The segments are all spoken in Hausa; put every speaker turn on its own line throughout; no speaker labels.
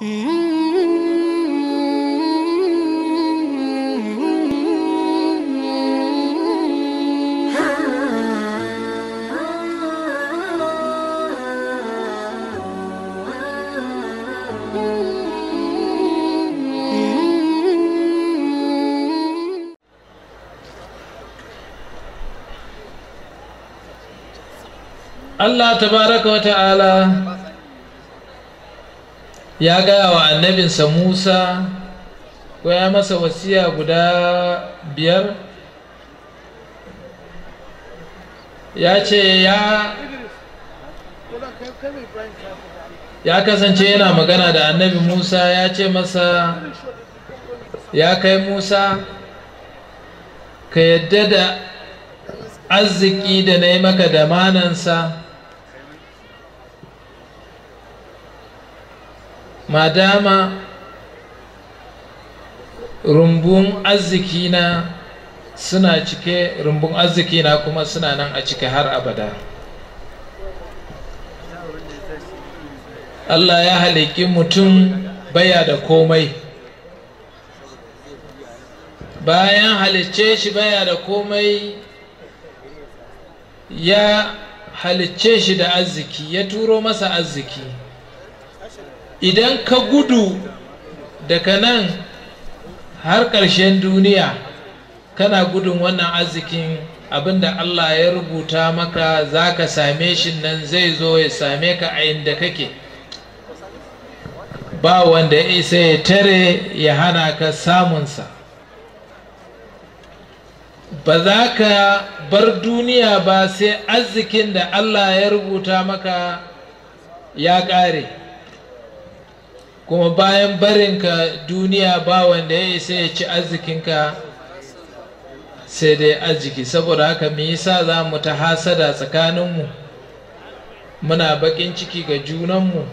Allah tabaraka wa ta'ala ya gaya wa annabinsa musa ko ya masa wasiya guda biyar ya ce ya ya kasance yana magana da annabi musa ya ce masa ya kai musa ka yadda da arziki da na yi maka da manansa Madama rumbun arzikina suna cike rumbun arzikina kuma suna nan a cike har abada Allah ya halaki mutum baya da komai bayan halicce shi baya da komai ya halicce shi da arziki ya turo masa arziki idan ka gudu daga nan har ƙarshen duniya kana gudun wannan arzikin abinda Allah ya rubuta maka za ka same shi nan zai zo ya same ka a inda kake ba wanda ya isa ya tare ya hana ka samunsa ba za ka bar duniya ba sai arzikin da Allah ya rubuta maka ya ƙare kuma bayan barinka duniya ba wanda ya isa ya ci arzikinka sai dai arziki saboda haka mu yi sa za mu ta hasada tsakaninmu muna baƙin ciki ga junanmu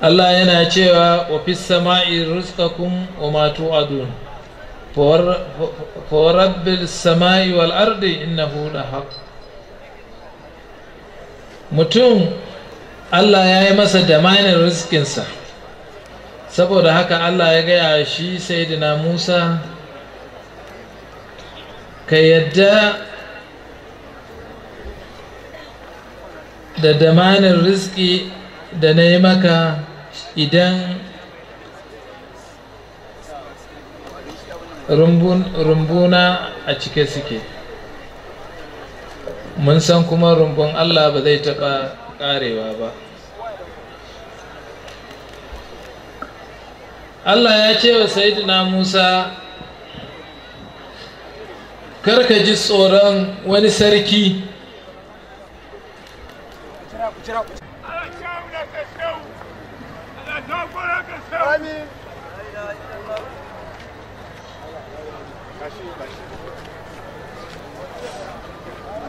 Allah yana cewa wa fi sama'i rizqakum wa ma tu'adun fa rabbil sama'i wal ardi innahu haku. mutum Allah ya yi masa damanin rizkinsa saboda haka Allah ya gaya shi sayyidina Musa ka yadda da damanin rizki da na yi maka idan rumbuna a cike suke mun san kuma rumbun Allah ba zai taɓa ƙarewa ba Allah ya ce wa Sayyidina Musa karka ji tsoron wani sarki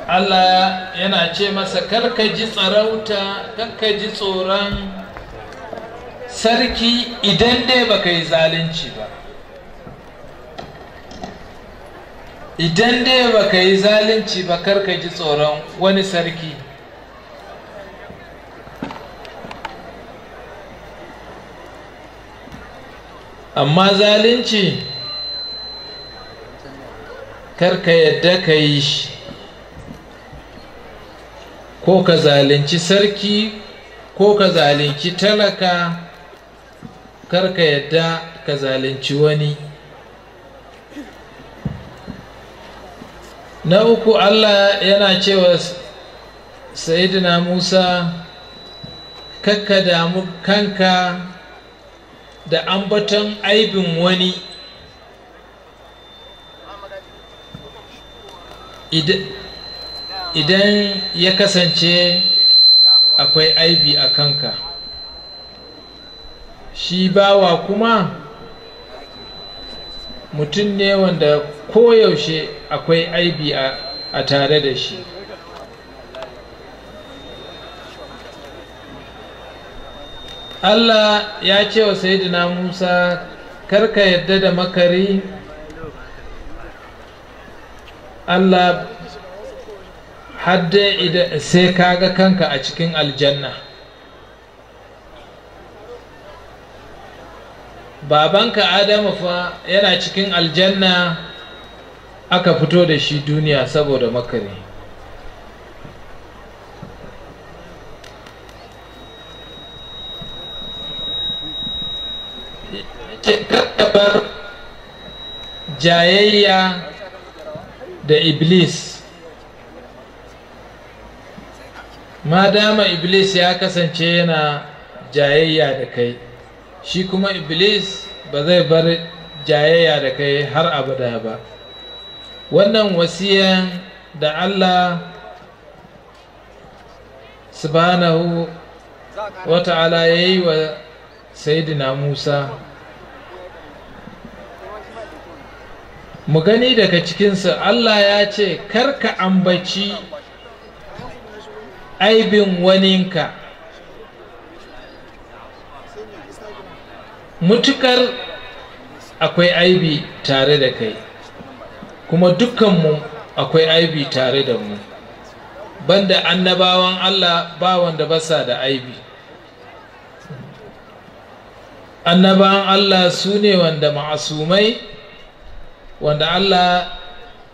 Allah yana ce masa karka ji tsarauta karka ji tsoron sarki idan dai baka yi zalunci ba idan dai baka yi zalunci ba karka ji tsoron wani sarki amma zalunci karka yadda ka yi shi ko ka zalunci sarki ko ka zalunci talaka kar ka yadda ka zalunci wani na uku allah yana cewa sayidina musa kakka damu kanka da ambaton aibin wani idan ya kasance akwai aibi a kanka shi bawa kuma mutum ne wanda koyaushe akwai aibi a tare da shi Allah ya ce wa Sayyidina Musa karka yadda da makari Allah hadda sai kaga kanka a cikin aljanna babanka adamu fa yana cikin aljanna aka fito da shi duniya saboda makare kakkabar jayayya da iblis madama iblis ya kasance yana jayayya da kai shi kuma iblis ba zai bar jayayya da kai har abada ba wannan wasiyan da allah subhanahu wata'ala ya yi wa sayidina musa mu gani daga sa allah ya ce karka ambaci aibin waninka mutukar akwai aibi tare da kai kuma dukkanmu akwai aibi tare da mu banda annabawan allah ba wanda basa da aibi annabawan allah su ne wanda ma'asumai wanda allah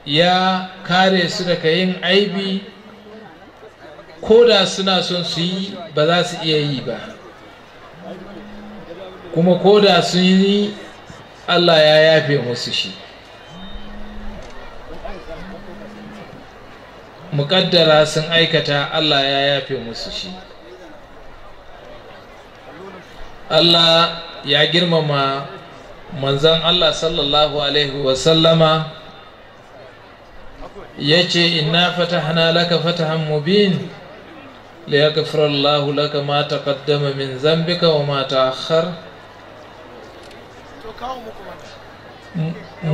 ya kare su daga yin aibi ko da suna son su yi ba za su iya yi ba kuma ko da sun yi allah ya yafe musu shi muƙaddara sun aikata allah ya yafe musu shi allah ya girmama manzan allah sallallahu alaihi wasallama ya ce inna fatahna laka fatahan mubin ليغفر الله لك ما تقدم من wa وما تأخر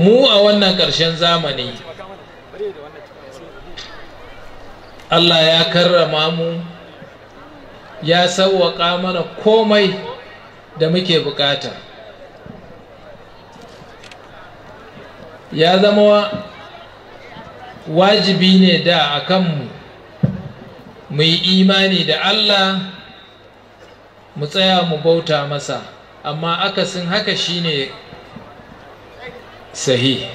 mu a wannan ƙarshen zamani Allah ya karrama mu ya sauwaƙa mana komai da muke bukata ya zama wajibi ne da a kanmu mu yi imani da Allah mu tsaya mu bauta masa amma akasin haka shine sahih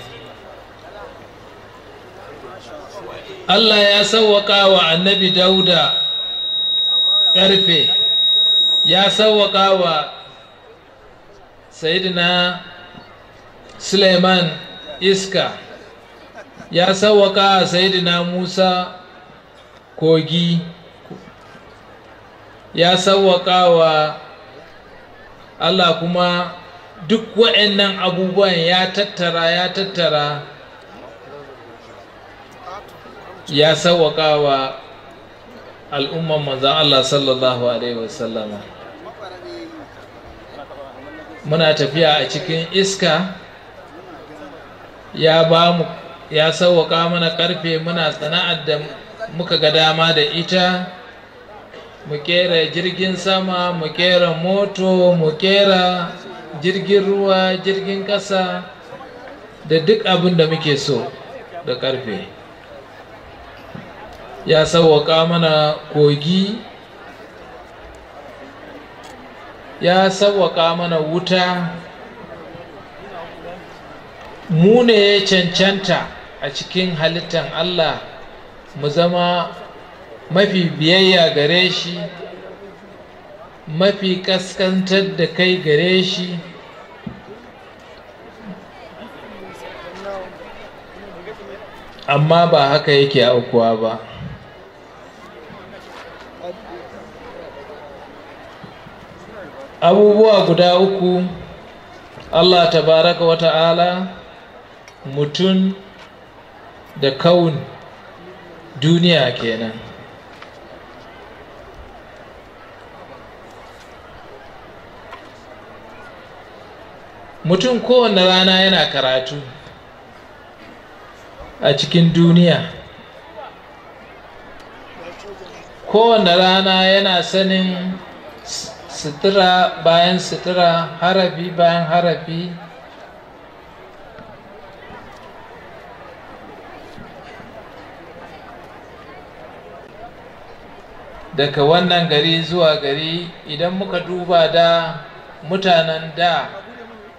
Allah ya sauwaƙa wa annabi dauda ƙarfe ya sauwaƙa wa sayidina suleiman iska ya sauwaƙa wa sayidina musa kogi ya sauwaƙa wa Allah kuma duk wa'annan abubuwan ya tattara ya tattara ya sauwaƙa wa al'umman manzan Allah sallallahu Alaihi wasallama muna tafiya a cikin iska ya ba mu ya sauwaƙa mana ƙarfe muna sana'ar da muka ga dama da ita mu kera jirgin sama mu kera moto mu kera jirgin ruwa jirgin ƙasa da duk abin da muke so da ƙarfe ya sauwaƙa mana kogi ya sauwaƙa mana wuta mu ne ya cancanta a cikin halittan allah mu zama mafi biyayya gare shi mafi kaskantar da kai gare shi amma ba haka yake aukuwa ba abubuwa guda uku allah tabaraka wata'ala mutum da kawun duniya kenan mutum kowane rana yana karatu a cikin duniya kowane rana yana sanin sutura bayan sutura harafi bayan harafi daga wannan gari zuwa gari idan muka duba da mutanen da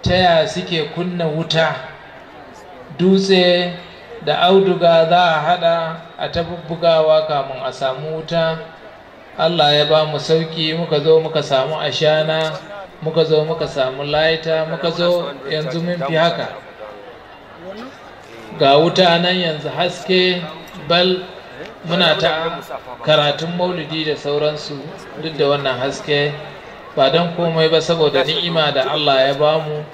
ta yaya suke kunna wuta dutse da auduga za a hada a ta bugawa kamun a samu wuta allah ya ba mu sauki muka zo muka samu ashana muka zo muka samu laita muka zo yanzu mun fi haka ga wuta nan yanzu haske bal muna ta karatun maulidi da sauransu duk da wannan haske ba don komai ba saboda ni'ima da Allah ya bamu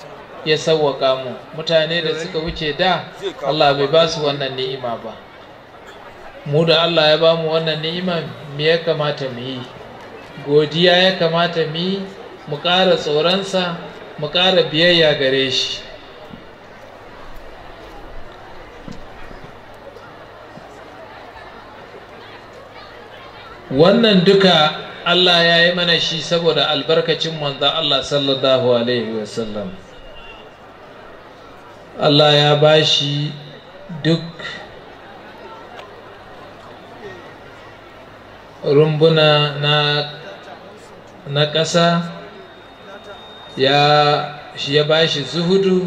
ya sawwaka mu mutane da suka wuce da Allah bai ba su wannan ni'ima ba mu da Allah ya bamu wannan ni'ima me ya kamata mu yi godiya ya kamata mu yi mu ƙara tsoronsa mu ƙara biyayya gare shi wannan duka Allah ya yi mana shi saboda albarkacin manzan Allah sallallahu Alaihi wasallam Allah ya ba shi duk rumbuna na ƙasa ya shi ya ba shi zuhudu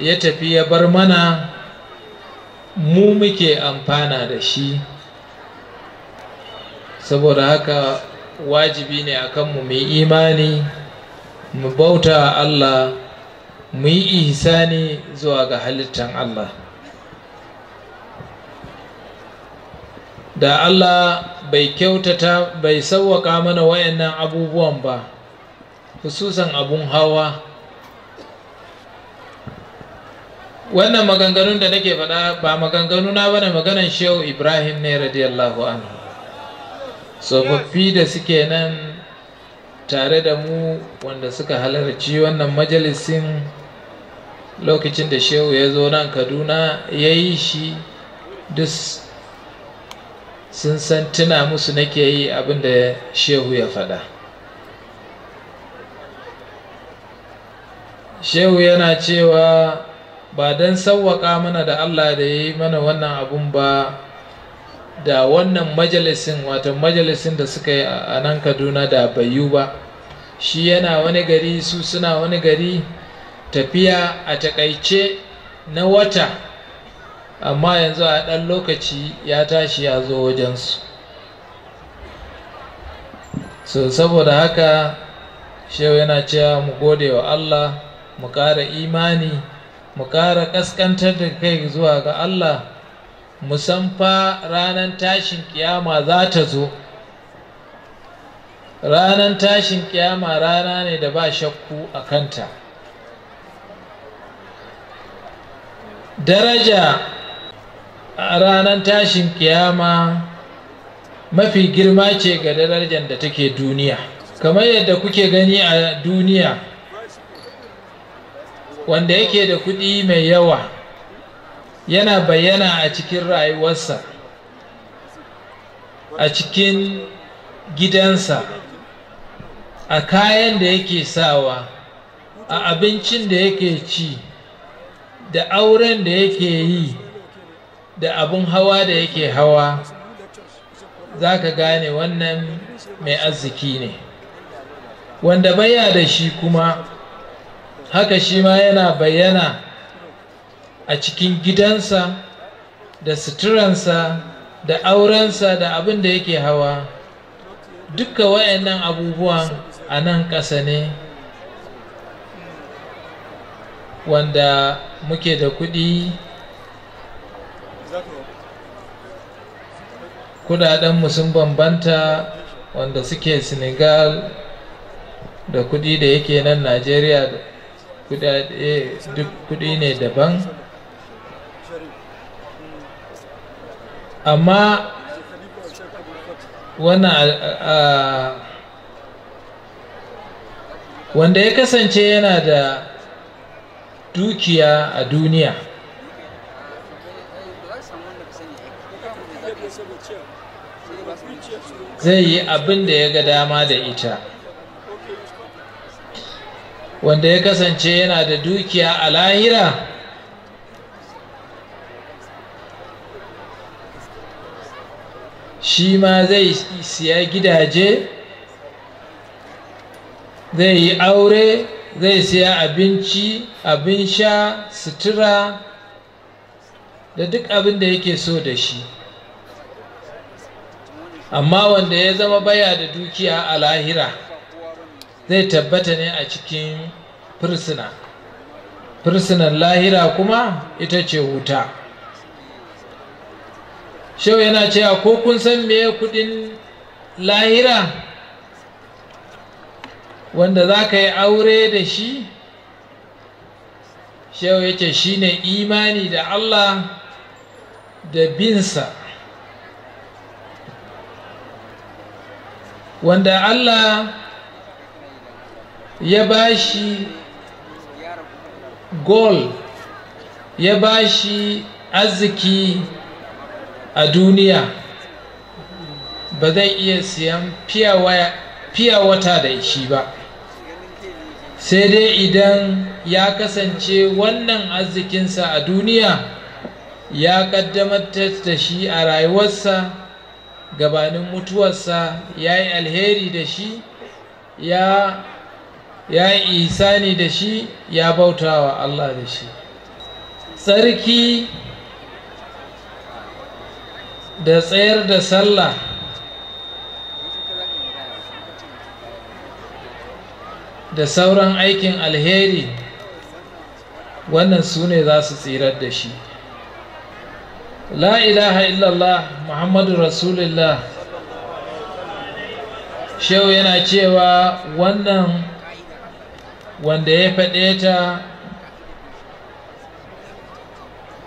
ya tafi ya bar mana mu muke amfana da shi saboda haka wajibi ne a kanmu mu yi imani mu bauta Allah mu yi ihsani zuwa ga halittan Allah da Allah bai kyautata bai sauwaka mana wayannan abubuwan ba hususan abun hawa wannan maganganun da nake faɗa ba maganganu na maganan shehu ibrahim ne radiyallahu anhu tsofaffi da suke nan tare da mu wanda suka halarci wannan majalisin lokacin da shehu ya zo nan kaduna ya yi shi duk sun san tuna musu nake yi abin da shehu ya faɗa shehu yana cewa ba don sauwaƙa mana da allah da ya yi mana wannan abun ba da wannan majalisin wato majalisin da suka yi a nan kaduna da bayu ba shi yana wani gari su suna wani gari tafiya a takaice na wata amma yanzu a ɗan lokaci ya tashi ya zo wajensu so saboda haka shehu yana cewa mu gode wa allah mu ƙara imani mu ƙara ƙasƙantar da kai zuwa ga allah musamfa ranar tashin kiyama za ta zo ranar tashin kiyama rana ne da ba shakku a kanta daraja a ranar tashin kiyama mafi girma ce ga darajar da take duniya kamar yadda kuke gani a duniya wanda yake da kuɗi mai yawa yana bayyana a cikin rayuwarsa a cikin gidansa a kayan da yake sawa a abincin da yake ci da auren da yake yi da abun hawa da yake hawa za ka gane wannan mai arziki ne wanda baya da shi kuma haka shi ma yana bayyana a cikin gidansa da suturansa da aurensa da abin da yake hawa duka wayannan abubuwan a nan ƙasa ne wanda muke da kuɗi kudadenmu sun bambanta wanda suke senegal da kuɗi da yake nan najeriya duk kuɗi ne daban amma wanda ya kasance yana da dukiya a duniya zai yi abin da ya ga dama da ita wanda ya kasance yana da dukiya a lahira shi ma zai siya gidaje zai yi aure zai siya abinci abin sha sutura da duk abin da yake so da shi amma wanda ya zama baya da dukiya a lahira zai tabbata ne a cikin fursuna fursunan lahira kuma ita ce wuta Shau yana cewa ko kun san meye kudin lahira wanda za ka yi aure da shi Shau ya ce shi ne imani da allah da binsa wanda allah ya ba shi gol ya ba shi arziki a duniya ba zai iya siyan fiya wata da shi ba sai dai idan ya kasance wannan arzikinsa a duniya ya kaddamar da shi a rayuwarsa gabanin mutuwarsa ya yi alheri da shi ya yi isani da shi ya bautawa Allah da shi tsarki da tsayar da sallah da sauran aikin alheri wannan su ne za su tsirar da shi lailaha ilaha illallah muhammadu rasulullah shehu yana cewa wannan wanda ya faɗe ta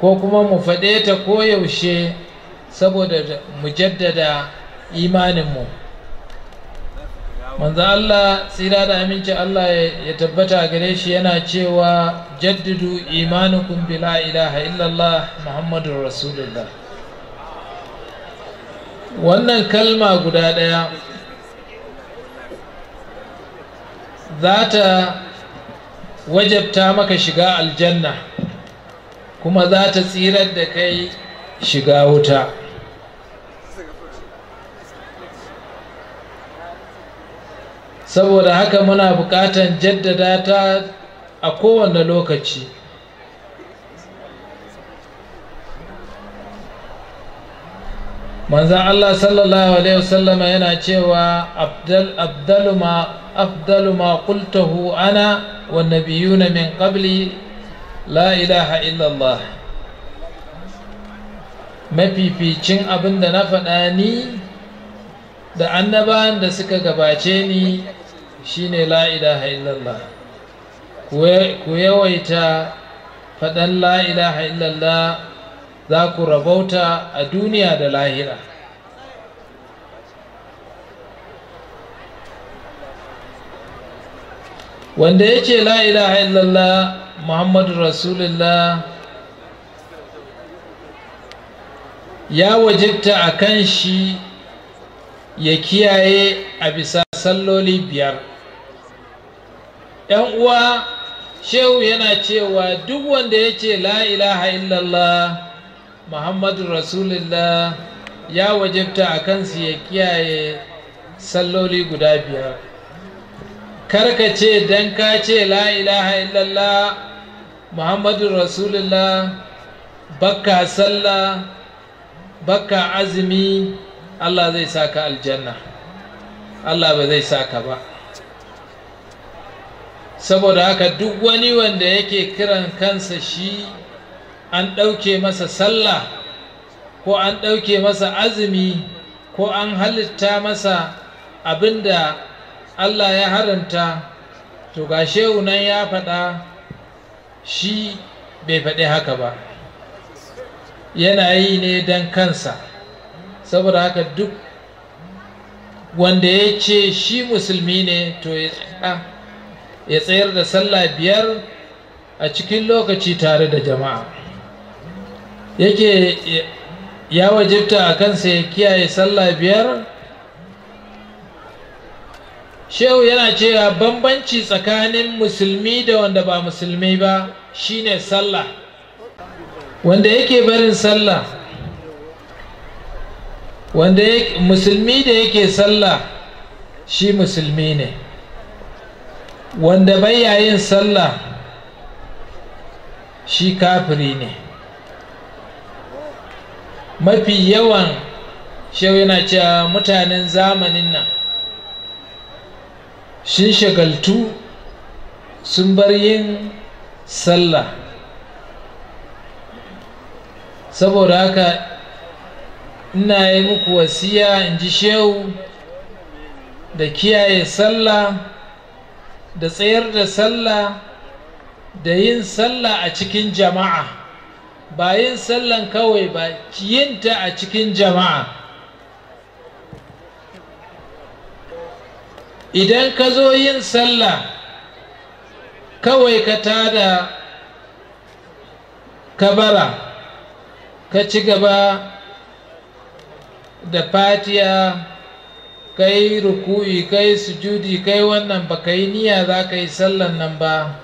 ko kuma mu faɗe ta koyaushe saboda mu jaddada imaninmu manzo Allah tsira da aminci Allah ya tabbata gare shi yana cewa jaddidu imanukum bi la ilaha illallah muhammadur rasulullah wannan kalma guda ɗaya za ta wajabta maka shiga aljanna kuma za ta tsirar da kai shiga wuta saboda haka muna bukatan jaddada ta a kowane lokaci manzan allah sallallahu alaihi wasallama yana cewa afdalu ma kultahu ana wa na min qabli la ilaha illallah mafificin abin da na faɗa ni da annabawan da suka gabace ni shine la ilaha illallah ku yawaita faɗan la ilaha illallah za ku rabauta a duniya da lahira wanda ya ce la ilaha illallah muhammadu rasulullah ya wajibta a kan shi ya kiyaye a bisa salloli biyar ‘yan uwa shehu yana cewa duk wanda ya ce la ilaha illallah muhammadu rasulillah ya wajibta a kansu ya kiyaye salloli guda biyar karka ce don ka ce la ilaha illallah muhammadu rasulillah bakka sallah bakka azumi allah zai saka aljanna allah ba zai saka ba saboda haka duk wani wanda yake kiran kansa shi an ɗauke masa sallah ko an ɗauke masa azumi ko an halitta masa abin da Allah ya haranta to ga shehu nan ya faɗa shi bai faɗi haka ba yana yi ne don kansa saboda haka duk wanda ya ce shi musulmi ne to ya tsaya ya tsayar da sallah biyar a cikin lokaci tare da jama'a yake ya wajibta a kansa ya kiyaye sallah biyar shehu yana cewa bambanci tsakanin musulmi da wanda ba musulmi ba shine sallah wanda yake barin sallah wanda musulmi da yake sallah shi musulmi ne wanda baya yin sallah shi kafiri ne mafi yawan shau yana cewa mutanen zamanin nan shin shagaltu sun bar yin sallah saboda haka ina yi muku wasiya in ji shau da kiyaye sallah da tsayar da sallah da yin sallah a cikin jama'a ba yin sallan kawai ba yinta a cikin jama'a idan ka zo yin sallah kawai ka tada kabara ka ci gaba da fatiya kai ruku'i kai sujudi kai wannan ba ka yi niyya za ka yi sallan nan ba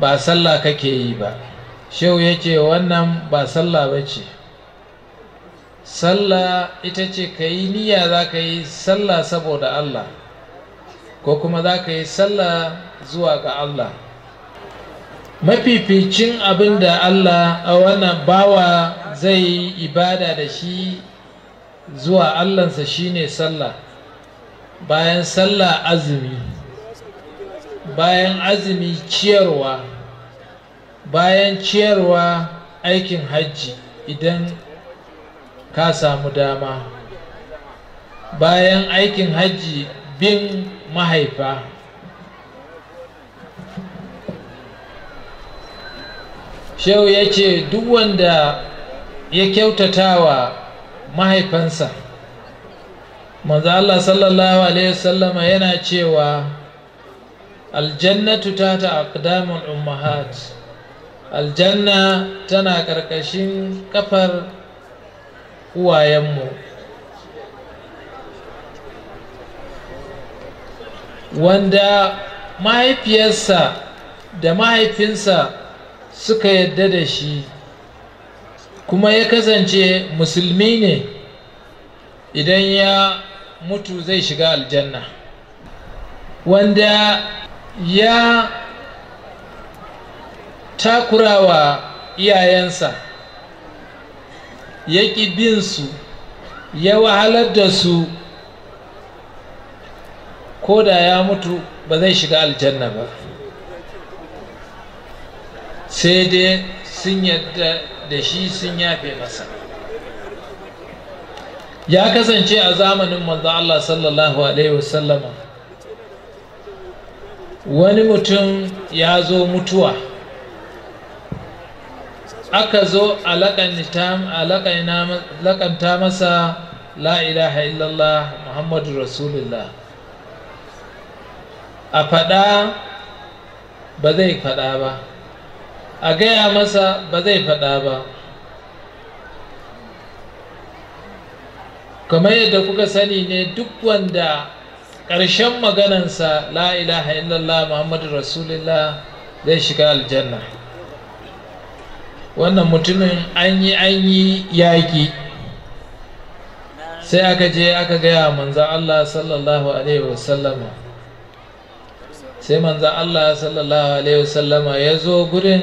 ba sallah kake yi ba shehu ya ce wannan ba sallah ba ce sallah ita ce ka yi niyya za ka yi sallah saboda allah ko kuma za ka yi sallah zuwa ga allah mafificin abin da allah a wannan bawa zai yi ibada da shi zuwa allansa shine sallah bayan sallah azumi bayan azumi ciyarwa bayan ciyarwa aikin hajji idan ka samu dama bayan aikin hajji bin mahaifa shehu ya ce duk wanda ya kyautatawa mahaifansa manzo Allah sallallahu alaihi wasallam yana cewa aljannatu ta ta aqdamul ummahat aljanna tana karkashin kafar uwayenmu wanda mahaifiyarsa da mahaifinsa suka yadda da shi kuma ya kasance musulmi ne idan ya mutu zai shiga aljanna wanda ya takurawa iyayensa ya ƙi binsu ya wahalar da su ko da ya mutu ba zai shiga aljanna ba sai dai sun yadda da shi sun yafe masa ya kasance a zamanin manzo Allah sallallahu alaihi wasallama wani mutum ya zo mutuwa aka zo a laƙanta masa la ilaha illallah muhammadu rasulullah a faɗa ba zai faɗa ba a gaya masa ba zai faɗa ba kamar yadda kuka sani ne duk wanda ƙarshen maganansa la ilaha illallah muhammadu rasulillah zai shiga aljanna wannan mutumin an yi an yi yaƙi sai aka je aka gaya manzan allah sallallahu alaihi wasallama sai manza Allah sallallahu alaihi wasallama ya zo gurin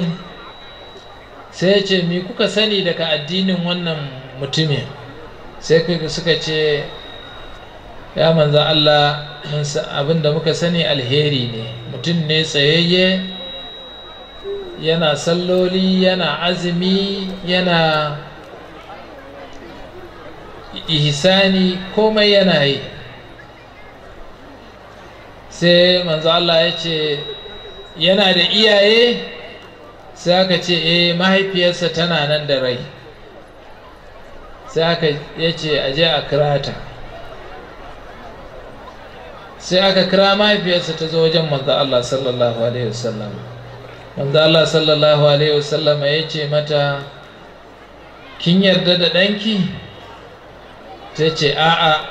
sai ya ce mi kuka sani daga addinin wannan mutumin sai kai suka ce ya manza Allah abin da muka sani alheri ne mutum ne tsayayye yana salloli yana azumi yana ihisani komai yana yi sai manzo Allah ya ce yana da iyaye sai aka ce eh mahaifiyarsa tana nan da rai sai aka ya ce aje a kira ta sai aka kira mahaifiyarsa ta zo wajen manzo Allah sallallahu alaihi wasallam manzo Allah sallallahu alaihi wasallam ya ce mata kin yarda da danki? ta ce a'a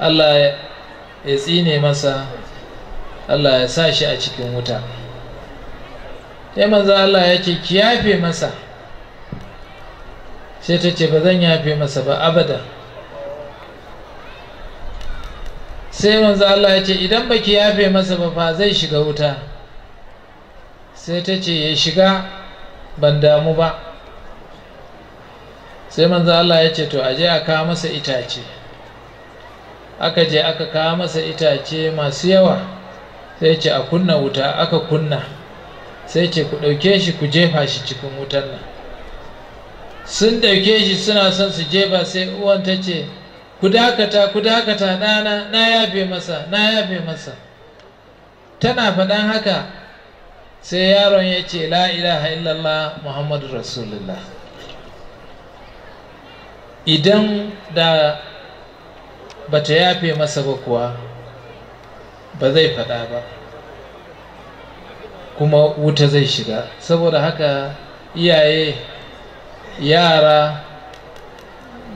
Allah ya tsine masa Allah ya sa shi a cikin wuta sai manzo Allah ya ce ki yafe masa sai ta ce ba zan yafe masa ba abada sai manzo Allah ya ce idan ba ki yafe masa ba fa zai shiga wuta sai ta ce ya shiga ban damu ba sai manzo Allah ya ce to aje a kawo masa itace aka je aka kawo masa itace masu yawa sai ce a kunna wuta aka kunna sai ce ku ɗauke shi ku jefa shi cikin wutan nan sun ɗauke shi suna son su jefa sai uwan ta ce ku dakata ku dakata ɗana na yafe masa na yafe masa tana faɗan haka sai yaron ya ce la ilaha illallah muhammadu rasulullah idan da ba ta yafe masa ba kuwa ba zai faɗa ba kuma wuta zai shiga saboda haka iyaye yara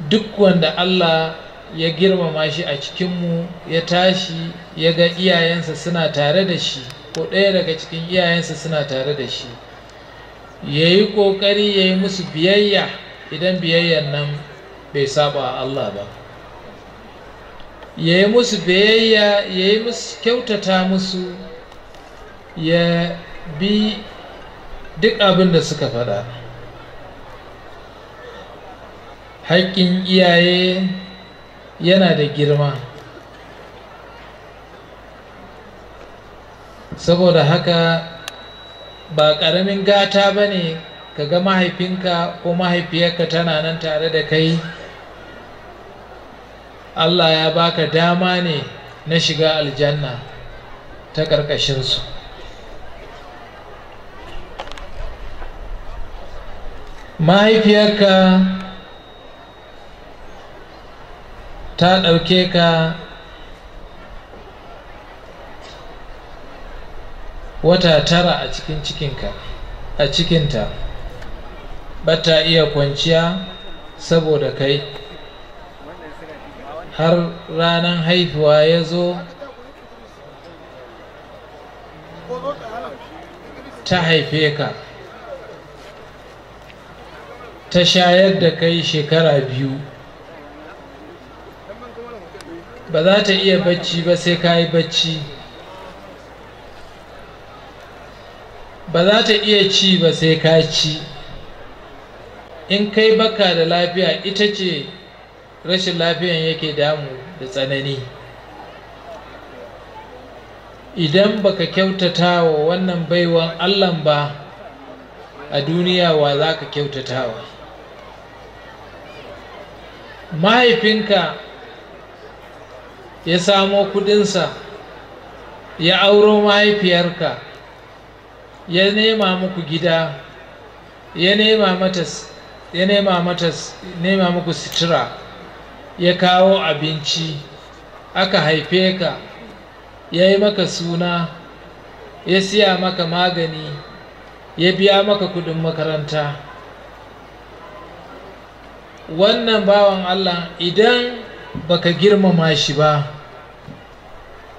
duk wanda Allah ya girmama shi a cikinmu ya tashi ya ga iyayensa suna tare da shi ko ɗaya daga cikin iyayensa suna tare da shi ya yi ƙoƙari ya yi musu biyayya idan biyayyan nan bai saba Allah ba ya yi musu biyayya ya yi musu kyautata musu ya bi duk abin da suka faɗa haƙƙin iyaye yana da girma saboda haka ba ƙaramin gata ba ne ka ga mahaifinka ko mahaifiyarka tana nan tare da kai Allah ya baka dama ne na shiga aljanna ta su. mahaifiyarka ta ɗauke ka wata tara a cikin cikinka a cikinta ba ta iya kwanciya saboda kai har ranar haihuwa ya zo ta haife ka ta shayar da kai shekara biyu ba za ta iya bacci ba sai ka yi bacci ba za ta iya ci ba sai ka ci in kai baka da lafiya ita ce rashin lafiyan yake damu da tsanani idan baka kyautata wa wannan baiwan allan ba a duniya wa za ka kyautata wa mahaifinka ya samo kudinsa ya auro mahaifiyarka ya nema muku gida ya nema mata nema muku sitira ya kawo abinci aka haife ka ya yi maka suna ya siya maka magani ya biya maka kudin makaranta wannan bawan allah idan baka girmama shi ba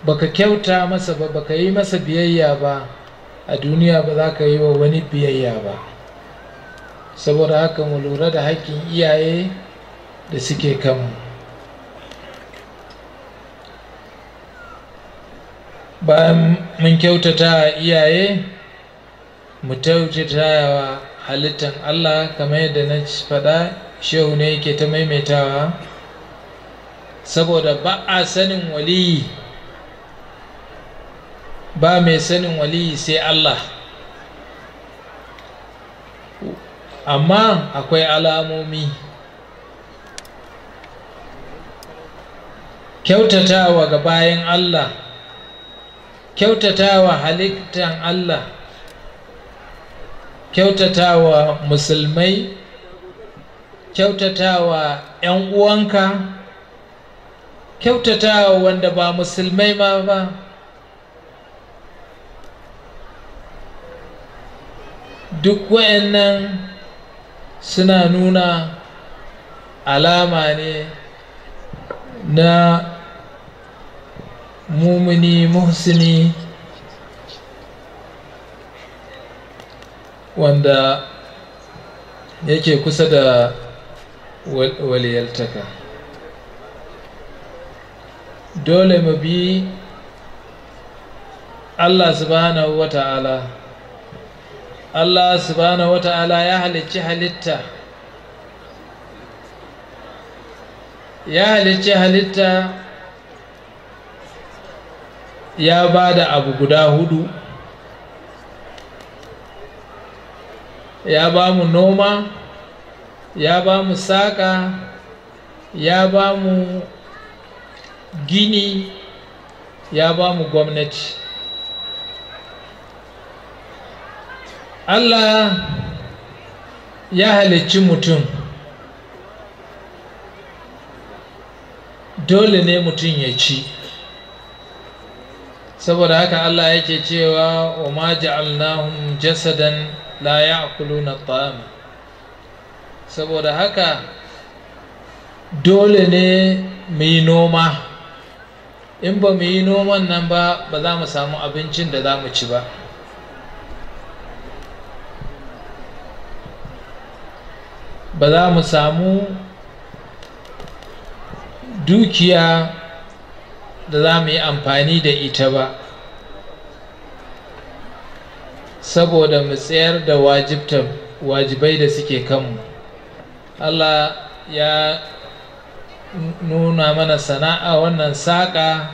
baka kyauta masa ba baka yi masa biyayya ba a duniya ba za ka yi wa wani biyayya ba saboda haka mu lura da haƙƙin iyaye da suke kanmu bayan mun kyautata iyaye mu kyautata wa halittar Allah kamar yadda na faɗa shehu ne yake ta maimaitawa saboda ba a sanin waliyi ba mai sanin waliyi sai Allah amma akwai alamomi kyautatawa ga bayan Allah kyautatawa halittan Allah kyautatawa musulmai kyautatawa 'yan uwanka kyautatawa wanda ba musulmai ma ba duk wa'annan suna nuna alama ne na mumini muhsini wanda yake kusa da waliyaltaka dole mu bi Allah subhanahu wa ta'ala Allah subhanahu wa ta'ala ya halicci halitta ya halicci halitta ya ba da abu guda hudu ya ba mu noma ya ba mu saƙa ya ba mu gini ya ba mu gwamnati allah ya halicci mutum dole ne mutum ya ci saboda haka Allah yake cewa wa ma ja'alnahum jasadan la ya'kuluna ta'am saboda haka dole ne mu yi noma in ba mu yi noman nan ba ba za mu samu abincin da za mu ci ba ba za mu samu dukiya da za mu yi amfani da ita ba saboda mu tsayar da wajibai da suke kanmu allah ya nuna mana sana'a wannan saƙa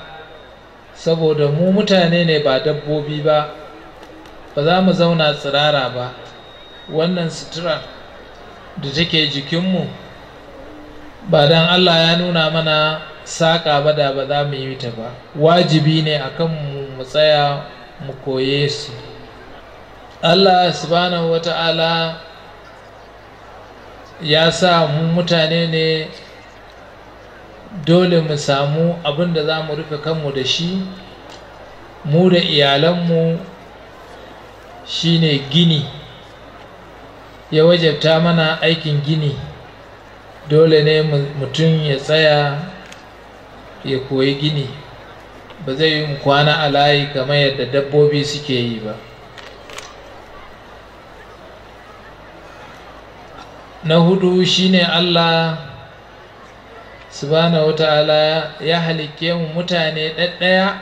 saboda mu mutane ne ba dabbobi ba ba za mu zauna tsirara ba wannan sutura da take jikinmu ba don allah ya nuna mana saƙa ba da ba za mu yi ta ba wajibi ne akan mu tsaya mu koye su allah subhanahu wata'ala ya sa mu mutane ne dole mu samu abin da za mu rufe kanmu da shi mu da iyalanmu shine gini ya wajabta mana aikin gini dole ne mutum ya tsaya ya koyi gini ba zai yi kwana a layi kamar yadda dabbobi suke yi ba na hudu shine allah subhanahu ya halike mu mutane ɗaɗɗaya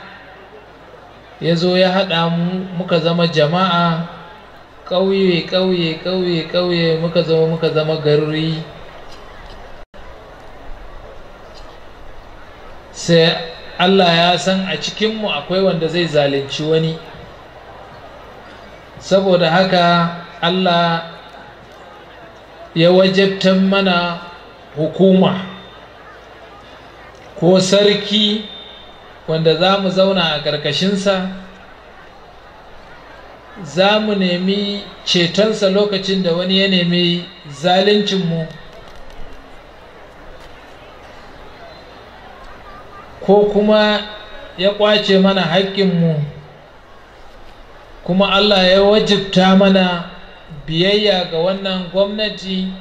ya zo ya haɗa mu muka zama jama'a ƙauye ƙauye ƙauye ƙauye muka zama muka zama garuri sai Allah ya san a cikinmu akwai wanda zai zalunci wani saboda haka Allah ya wajabtan mana hukuma ko sarki wanda za mu zauna a ƙarƙashinsa za mu nemi cetonsa lokacin da wani ya nemi zaluncinmu ko kuma ya ƙwace mana haƙƙinmu kuma Allah ya wajibta mana biyayya ga wannan gwamnati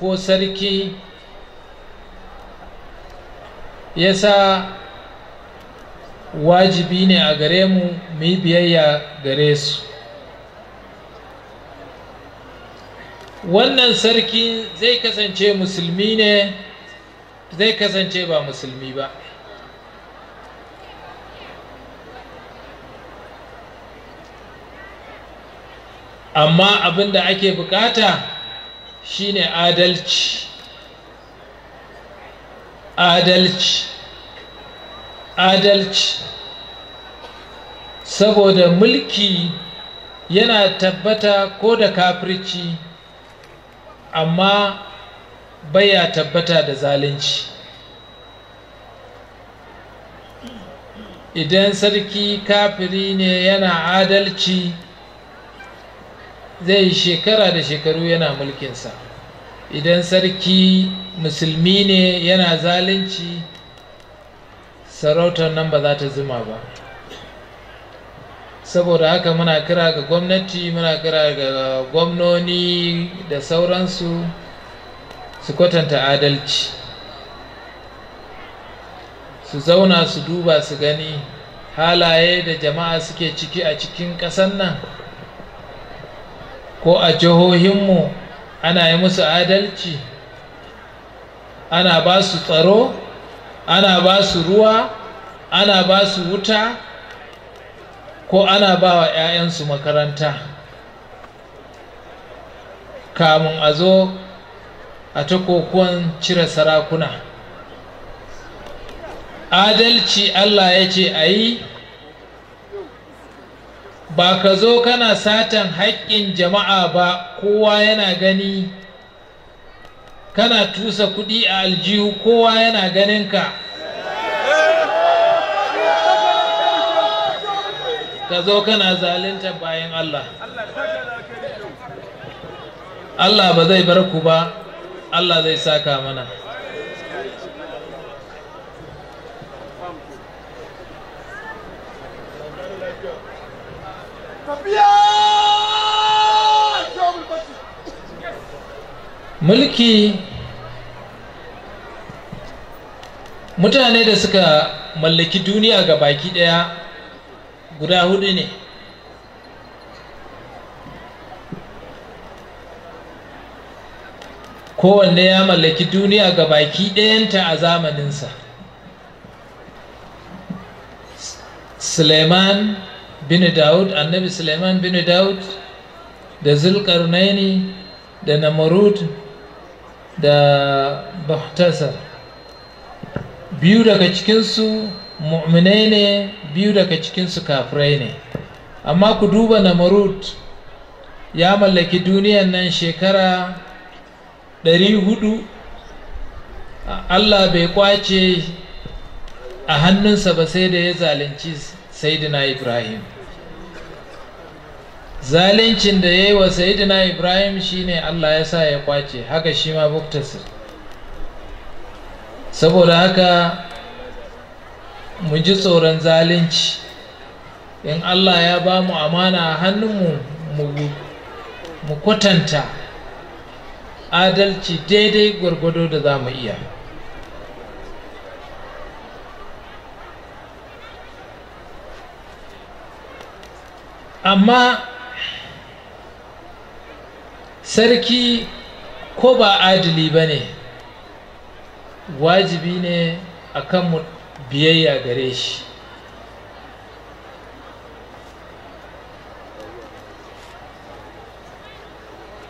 ko sarki yasa wajibi ne a gare mu mu biyayya gare su wannan sarki zai kasance musulmi ne zai kasance ba musulmi ba amma abin da ake bukata shine adalci adalci adalci saboda mulki yana tabbata ko da kafirci amma baya tabbata da zalunci idan sarki kafiri ne yana adalci zai shekara da shekaru yana mulkinsa idan sarki musulmi ne yana zalunci sarautar nan ba za ta zuma ba saboda haka muna kira ga gwamnati muna kira ga gwamnoni da sauransu su kwatanta adalci su zauna su duba su gani halaye da jama'a suke ciki a cikin ƙasar nan ko a jihohinmu ana yi musu adalci ana ba su tsaro ana ba su ruwa ana ba su wuta ko ana ba wa 'ya'yansu makaranta kamun a zo a ta kokon cire sarakuna adalci allah ya ce a yi ba ka zo kana satan haƙƙin jama'a ba kowa yana gani kana tusa kuɗi a aljihu kowa yana ganinka ka zo kana zalinta bayan Allah Allah ba zai bar ku ba Allah zai saka mana mulki mutane da suka mallaki duniya ga baki ɗaya guda hudu ne kowanne ya mallaki duniya ga baki ɗayanta a zamaninsa suleiman bin Dawud annabi Suleiman bin Dawud da Zulkarnaini da Namrud da Bahtasar biyu daga cikinsu mu'minai ne biyu daga cikinsu kafirai ne amma ku duba Namrud ya mallaki duniyan nan shekara 400 Allah bai kwace a hannunsa ba sai da ya zalunci Saidina Ibrahim zalincin da ya yi wa sayidina ibrahim shine allah ya sa ya kwace haka shi ma buktasir saboda haka mu ji tsoron zalunci in allah ya ba mu amana a hannunmu mu kwatanta adalci daidai gwargwado da za mu iya amma sarki ko ba adili ba ne wajibi ne a mu biyayya gare shi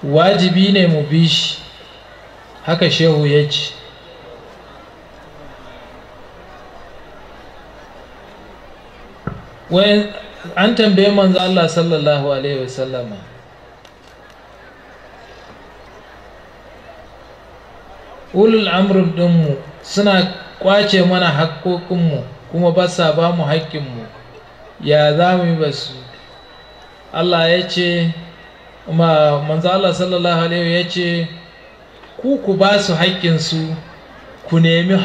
wajibi ne mu bi shi haka shehu ya ce an tambaye manzo Allah sallallahu alaihi wasallama ulul amr dinmu suna kwace mana haƙoƙinmu kuma ba sa ba mu haƙƙinmu ya za mu yi basu Allah ya ce ma manzo Allah sallallahu alaihi ya ce ku ku ba su su ku nemi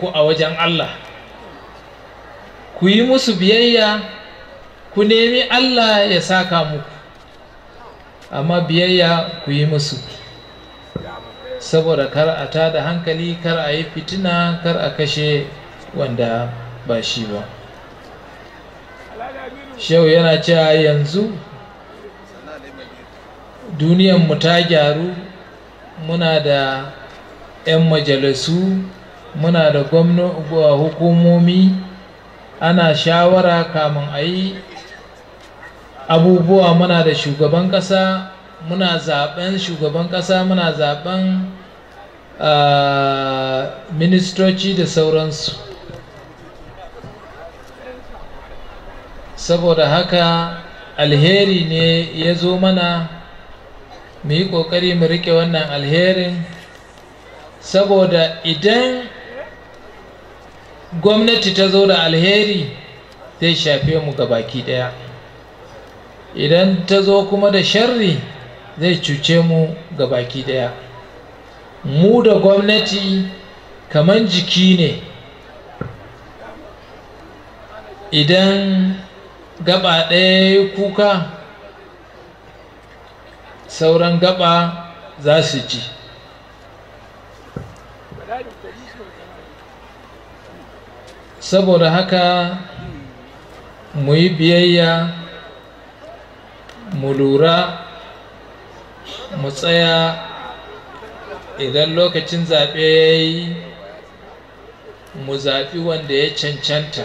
ku a wajen Allah ku yi musu biyayya ku nemi Allah ya saka muku amma biyayya ku yi musu saboda kar a tada hankali kar a yi fitina kar a kashe wanda ba shi ba shehu yana cewa yanzu duniyanmu ta gyaru muna da 'yan majalisu muna da hukumomi ana shawara kamun a yi abubuwa muna da shugaban ƙasa muna zaben shugaban ƙasa muna zaben ministoci da sauransu saboda haka alheri ne ya zo mana mu yi ƙoƙari mu riƙe wannan alherin saboda idan gwamnati ta zo da alheri zai shafe mu ga baki ɗaya idan ta zo kuma da sharri zai cuce mu ga baki daya mu da gwamnati kaman jiki ne idan gaba ɗaya kuka sauran gaba za su ji saboda haka mu yi biyayya mu lura mu tsaya idan lokacin zaɓe ya yi mu zaɓi wanda ya cancanta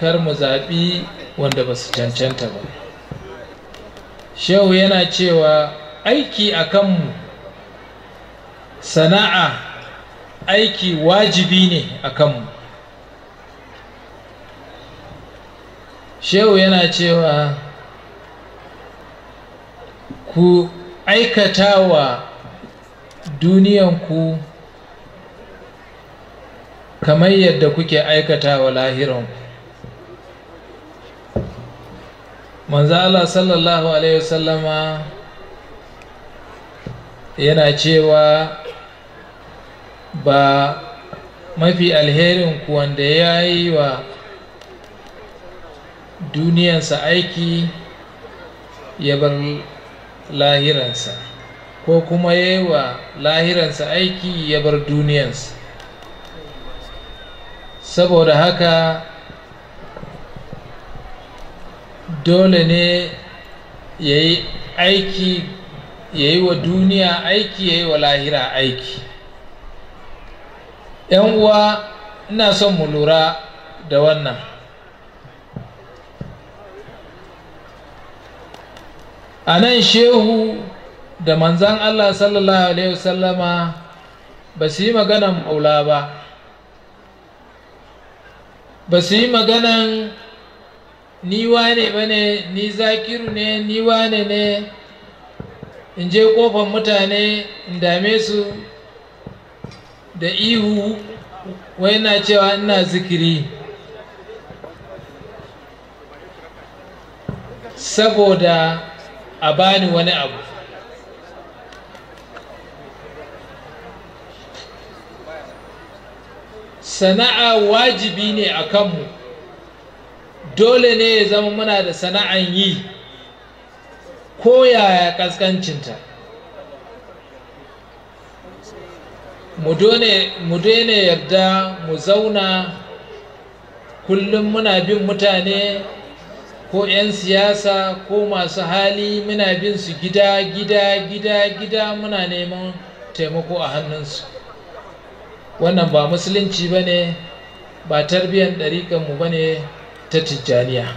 kar mu zaɓi wanda ba su cancanta ba shehu yana cewa aiki a kanmu sana'a aiki wajibi ne a kanmu shehu yana cewa ku aikata wa duniyanku kamar yadda kuke aikata wa lahiranku manzala sallallahu alaihi wasallama yana cewa ba mafi alherinku wanda ya yi wa duniyansa aiki ya bar lahiransa ko kuma ya yi wa lahiransa aiki ya bar duniyansa saboda haka dole ne ya yi aiki ya yi wa duniya aiki ya yi wa lahira aiki ‘yan uwa ina son mu lura da wannan a nan shehu da manzan allah sallallahu alaihi wasallama ba su yi maganan maula ba ba su yi maganan ni wane ba ne ni zakiru ne ni wane ne in je kofan mutane in dame su da ihu wai na cewa ina zikiri saboda a bani wani abu sana'a wajibi ne a kanmu dole ne ya zama muna da sana'an yi ko yaya ƙasƙancinta mu daina yarda mu zauna kullum muna bin mutane ko 'yan siyasa ko masu hali muna bin su gida gida gida gida muna neman taimako a hannunsu wannan ba musulunci ba ne ba tarbiyyar ɗarikanmu ba ne ta tijjaniya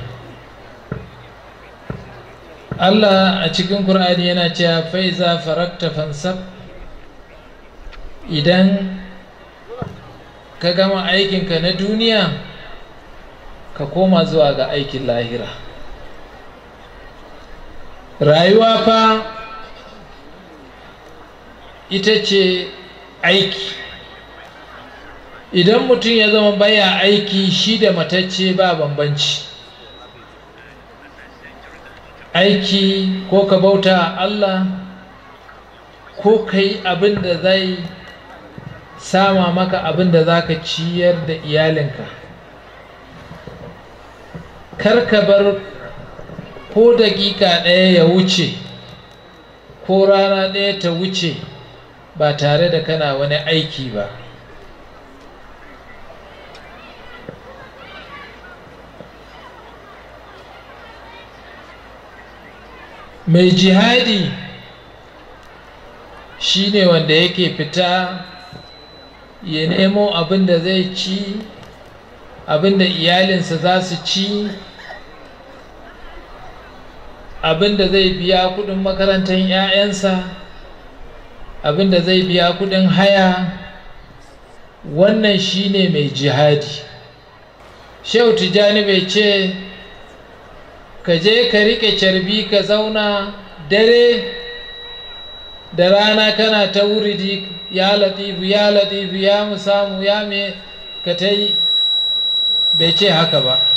allah a cikin ƙur'ani yana cewa faiza farakta fansab idan ka gama aikinka na duniya ka koma zuwa ga aikin lahira rayuwa fa ita ce aiki idan mutum ya zama baya aiki shi da matacce ba bambanci aiki ko ka bauta Allah ko ka yi abin da zai sama maka abin da za ka ciyar da iyalinka kar ka bar ko daƙiƙa ɗaya ya wuce ko rana ɗaya ta wuce ba tare da kana wani aiki ba mai jihadi shi ne wanda yake fita ya nemo abin da zai ci abin da iyalinsa za su ci abin da zai biya kuɗin makarantar 'ya'yansa abin da zai biya kuɗin haya wannan shine mai jihadi shehu tijjani bai ce ka je ka riƙe carbi ka zauna dare da rana kana ta wuridi ya latifu ya latifu ya musamu ya me ka ta yi bai ce haka ba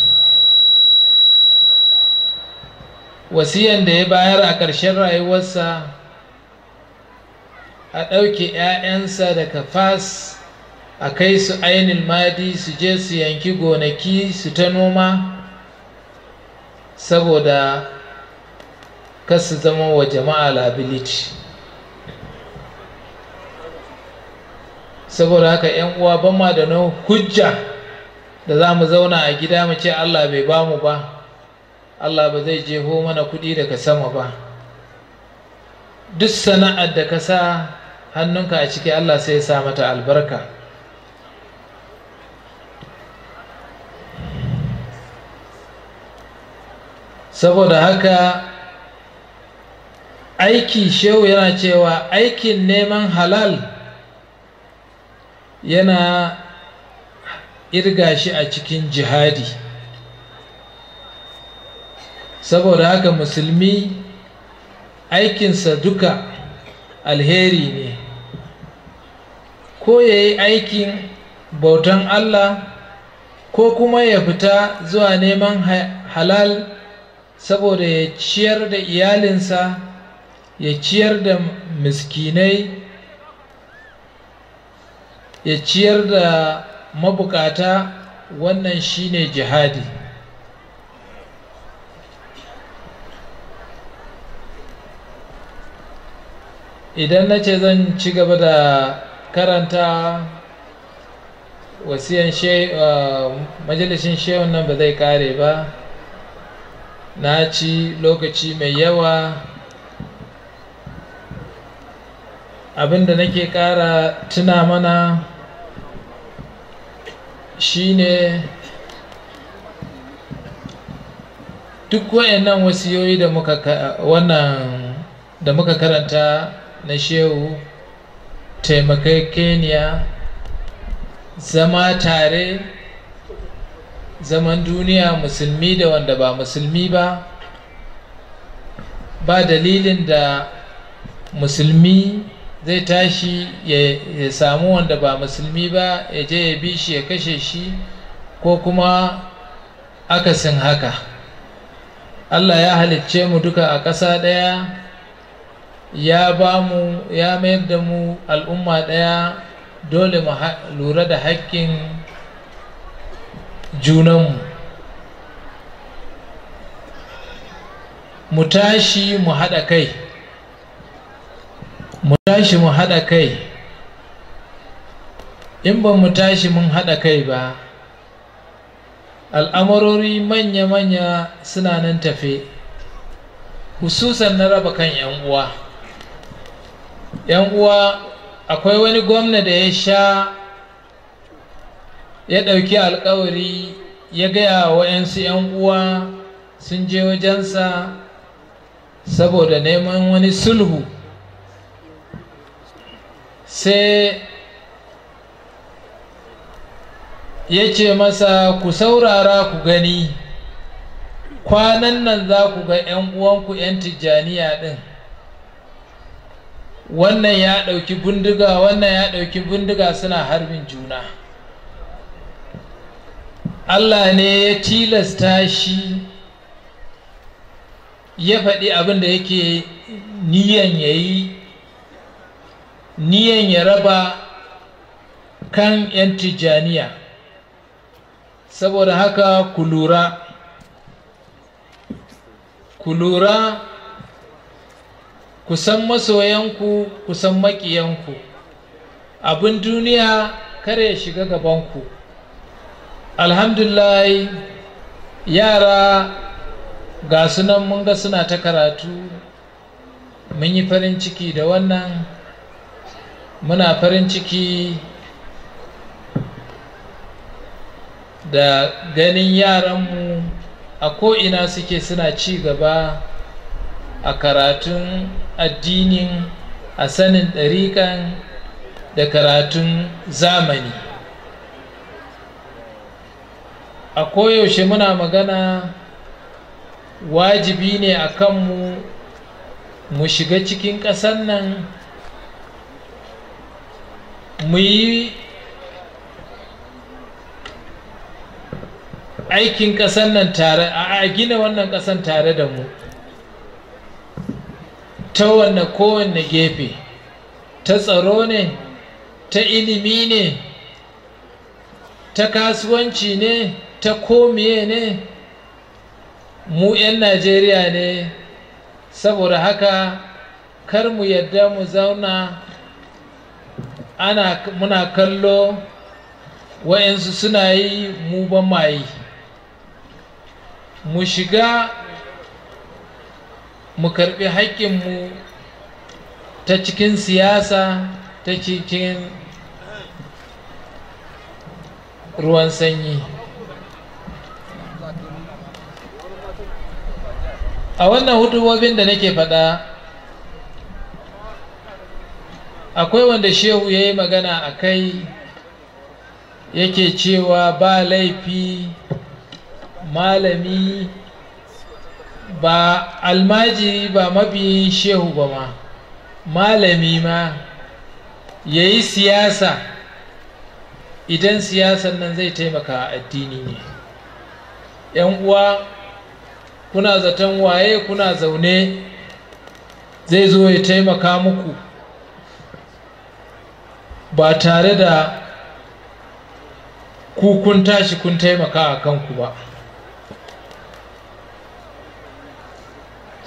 wasiyan da ya bayar a ƙarshen rayuwarsa a ɗauke 'ya'yansa daga fas a kai su ainihin madi su je su yanki gonaki su ta noma saboda kasu zama wa jama'a liability saboda haka 'yan uwa ban ma da na hujja da za mu zauna a gida mu ce allah bai bamu ba Allah ba zai jeho mana kuɗi daga sama ba duk sana'ar da ka sa hannunka a ciki Allah sai ya sa mata albarka saboda haka aiki shehu yana cewa aikin neman halal yana irga shi a cikin jihadi saboda haka musulmi aikinsa duka alheri ne ko ya yi aikin bautan allah ko kuma ya fita zuwa neman halal saboda ya ciyar da iyalinsa ya ciyar da miskinai ya ciyar da mabukata wannan shine jihadi idan na ce zan ci gaba da karanta wasiyan uh, majalisin shehun nan ba zai kare ba na ci lokaci mai yawa abinda nake kara tuna mana shine duk wayannan wasiyoyi da muka karanta na shehu taimakekeniya zama tare zaman duniya musulmi da wanda ba musulmi ba ba dalilin da musulmi zai tashi ya samu wanda ba musulmi ba ya je ya bi shi ya kashe shi ko kuma akasin haka allah ya halicce mu duka a ƙasa ɗaya ya ba mu ya mayar da mu al'umma ɗaya dole mu lura da haƙƙin junanmu mu tashi mu haɗa kai mu tashi mu haɗa kai in ba mu tashi mun haɗa kai ba al'amarori manya-manya suna nan tafe hususan na raba kan 'yan uwa yan uwa akwai wani gwamna da ya sha ya ɗauki alkawari ya gaya wa 'yansu 'yan uwa sun je wajensa saboda neman wani sulhu sai ya ce masa ku saurara ku gani kwanan nan za ku ga 'yan uwanku 'yan tijjaniya ɗin wannan ya ɗauki bindiga wannan ya ɗauki bindiga suna harbin juna allah ne ya tilasta shi ya faɗi abin da yake niyan ya yi niyan ya raba kan 'yan tijjaniya saboda haka ku lura ku lura ku san masoyanku ku san maƙiyanku abin duniya kare ya shiga gabanku alhamdulillah yara ga sunan mun ga suna ta karatu mun yi farin ciki da wannan muna farin ciki da ganin yaranmu a ko'ina suke suna ci gaba a karatun addinin a sanin ɗariƙan da karatun zamani a koyaushe muna magana wajibi ne a kanmu mu shiga cikin ƙasan nan mu yi aikin ƙasan nan tare a gina wannan ƙasan tare da mu ta wanne kowanne gefe ta tsaro ne ta ilimi ne ta kasuwanci ne ta komiye ne mu 'yan najeriya ne saboda haka kar mu yadda mu zauna ana muna kallo wa'yansu suna yi mu ban ma mu shiga mu karɓi haƙƙinmu ta cikin siyasa ta cikin ruwan sanyi a wannan hudubobin da nake faɗa akwai wanda shehu ya yi magana a kai yake cewa ba laifi malami ba almaji ba mafi shehu ba ma malami ma ya yi siyasa idan siyasan nan zai taimaka addini ne yan uwa kuna zaton waye kuna zaune zai zo ya taimaka muku ba tare da ku kun tashi kun taimaka a kanku ba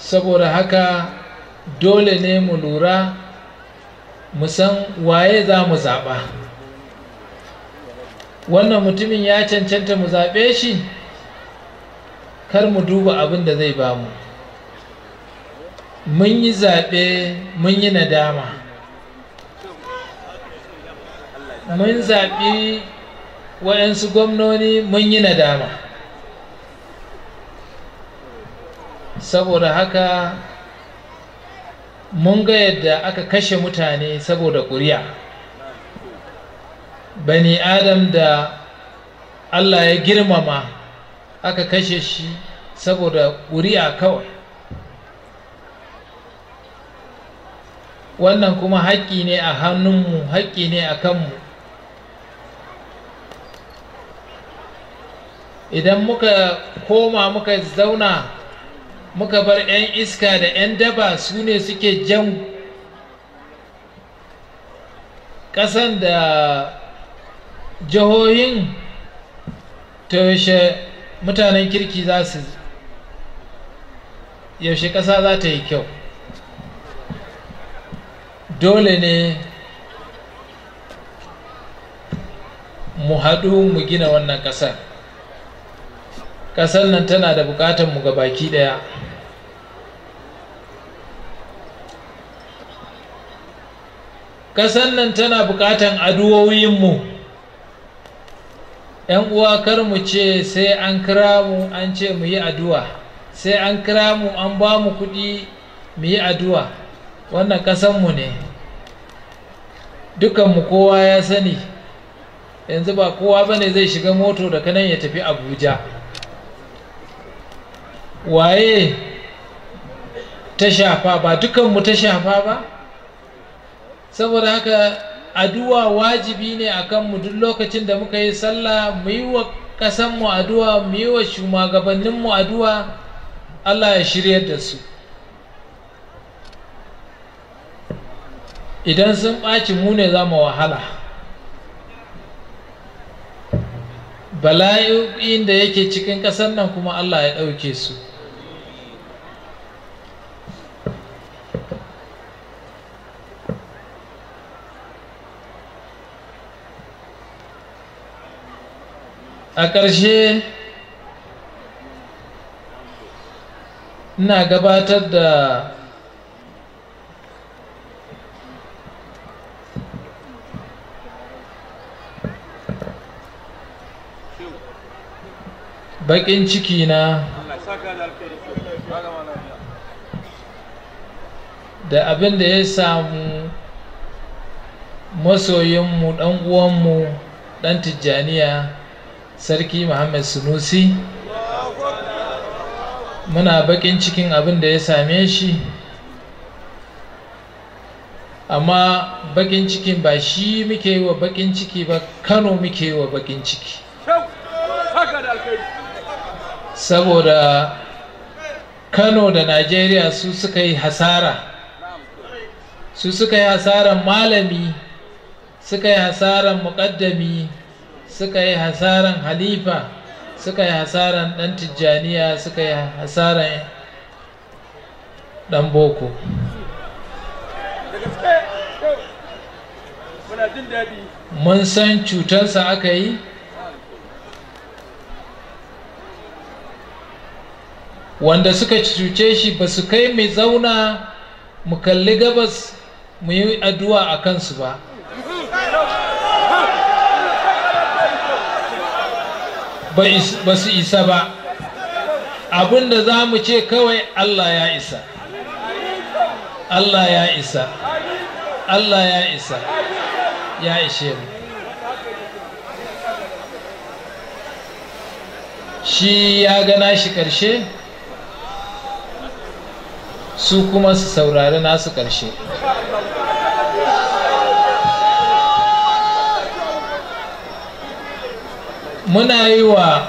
saboda haka dole ne mu lura mu san waye za mu zaɓa wannan mutumin ya cancanta mu zaɓe shi kar mu duba abin da zai ba mu mun yi zaɓe mun yi nadama mun zaɓi waɗansu gwamnoni mun yi nadama saboda haka mun ga yadda aka kashe mutane saboda ƙuri'a bani adam da allah ya girmama aka kashe shi saboda ƙuri'a kawai wannan kuma haƙƙi ne a hannunmu haƙƙi ne a kanmu idan muka koma muka zauna muka bar 'yan iska da 'yan daba su ne suke jan ƙasan da jihohin ta yaushe mutanen kirki za su yaushe ƙasa za ta yi kyau dole ne mu haɗu mu gina wannan ƙasar ƙasar nan tana da bukatan mu ga baki ɗaya ƙasar nan tana buƙatar mu ‘yan uwa kar mu ce sai an kira mu an ce mu yi addu'a sai an kira mu an ba mu kuɗi mu yi addu'a wannan mu ne dukanmu kowa ya sani yanzu ba kowa bane zai shiga moto da nan ya tafi abuja waye ta shafa ba mu ta shafa ba saboda haka addu'a wajibi ne akan mu duk lokacin da muka yi sallah mu yi wa ƙasanmu addu'a mu yi wa shugabanninmu addu'a allah ya shirya da su idan sun ɓaci mu ne za mu wahala bala'i inda yake cikin ƙasar nan kuma allah ya ɗauke su a ƙarshe ina gabatar da baƙin ciki na da abin da ya samu masoyinmu ɗan uwanmu ɗan tijjaniya sarki muhammad sunusi muna bakin cikin abin da ya same shi amma bakin cikin ba shi muke yi wa bakin ciki ba kano muke yi wa bakin ciki saboda kano da najeriya su suka yi hasara su suka yi hasaran malami suka yi hasaran muƙaddami suka yi hasaran halifa suka yi hasaran ɗan tijjaniya suka yi hasaran ɗan boko mun san cutarsa aka yi wanda suka cuce shi ba su kai mai zauna mu kalli gabas mu yi addu'a a kansu ba ba su isa ba abinda za mu ce kawai Allah ya isa Allah ya isa Allah ya isa ya ishe mu shi ya gana shi ƙarshe su kuma su saurari nasu ƙarshe muna yi wa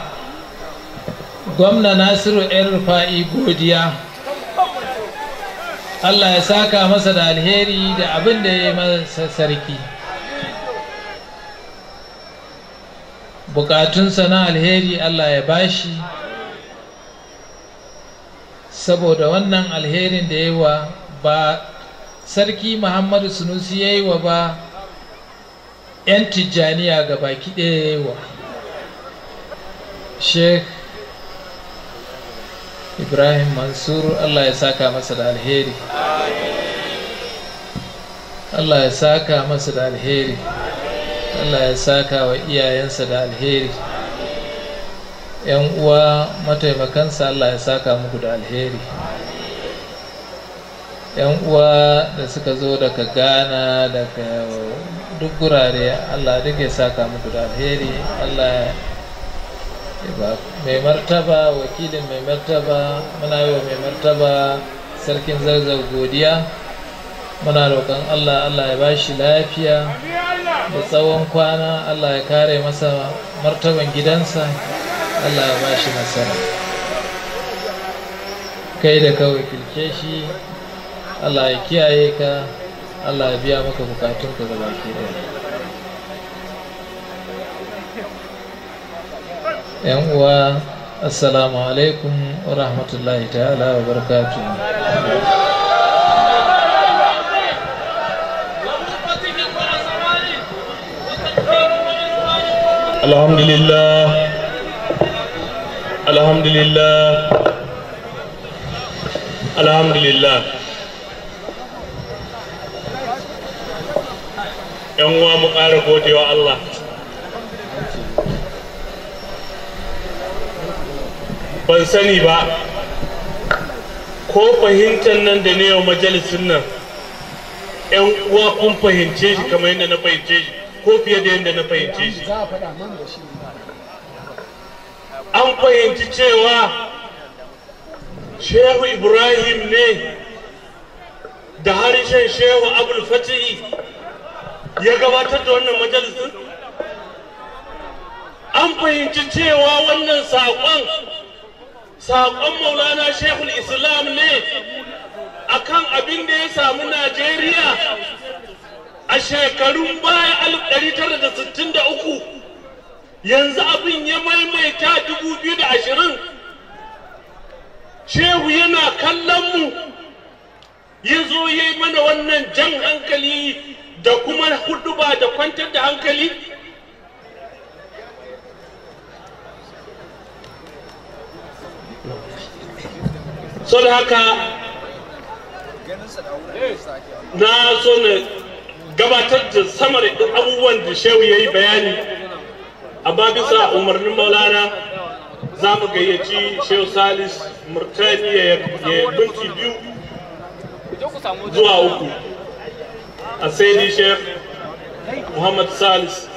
gwamna nasiru yan rufa'i godiya allah ya saka masa da alheri da abin da ya yi masa sarki bukatunsa na alheri allah ya bashi saboda wannan alherin da ya yi wa ba sarki muhammadu sunusi ya yi wa ba 'yan tijjaniya ga baki ɗaya ya yi wa sheikh ibrahim mansur allah ya saka masa da alheri allah ya saka masa da alheri allah ya saka wa iyayensa da alheri yan uwa mataimakansa allah ya saka muku da alheri yan uwa da suka zo daga Gana daga duk gurare allah duk ya saka muku da alheri allah ya mai martaba wakilin mai martaba muna yi wa mai martaba sarkin zarzar godiya muna roƙon allah allah ya bashi lafiya da tsawon kwana allah ya kare masa martaban gidansa allah ya bashi nasara kai da ka wakilke shi allah ya kiyaye ka allah ya biya maka bukatunka gaba ke ɗaya yan uwa assalamu alaikum wa rahmatullahi ta'ala wa barakatu alhamdulillah alhamdulillah alhamdulillah yan uwa mu ƙara godewa Allah ban sani ba ko fahimtar nan da ne yau majalisun nan yan uwa kun fahimce shi kamar yadda na fahimce shi ko fiye da yadda na fahimce shi an fahimci cewa shehu ibrahim ne da harshen shehu abul fatihi ya gabatar da wannan majalisun an fahimci cewa wannan saƙon saƙon maulana shekul islam ne akan abin da ya samu najeriya a shekarun baya alif ɗari tara da da sittin uku. yanzu abin ya maimaita dubu biyu da ashirin. shehu yana kallon mu ya zo ya yi mana wannan jan hankali da kuma huduba da kwantar da hankali so da haka na so na gabatar da samar da abubuwan da shehu ya yi bayani babisa a umarnin maulana
za mu gayyaci shehu
salis murtaniya ya binci biyu zuwa uku a sai ni shehu muhammad salis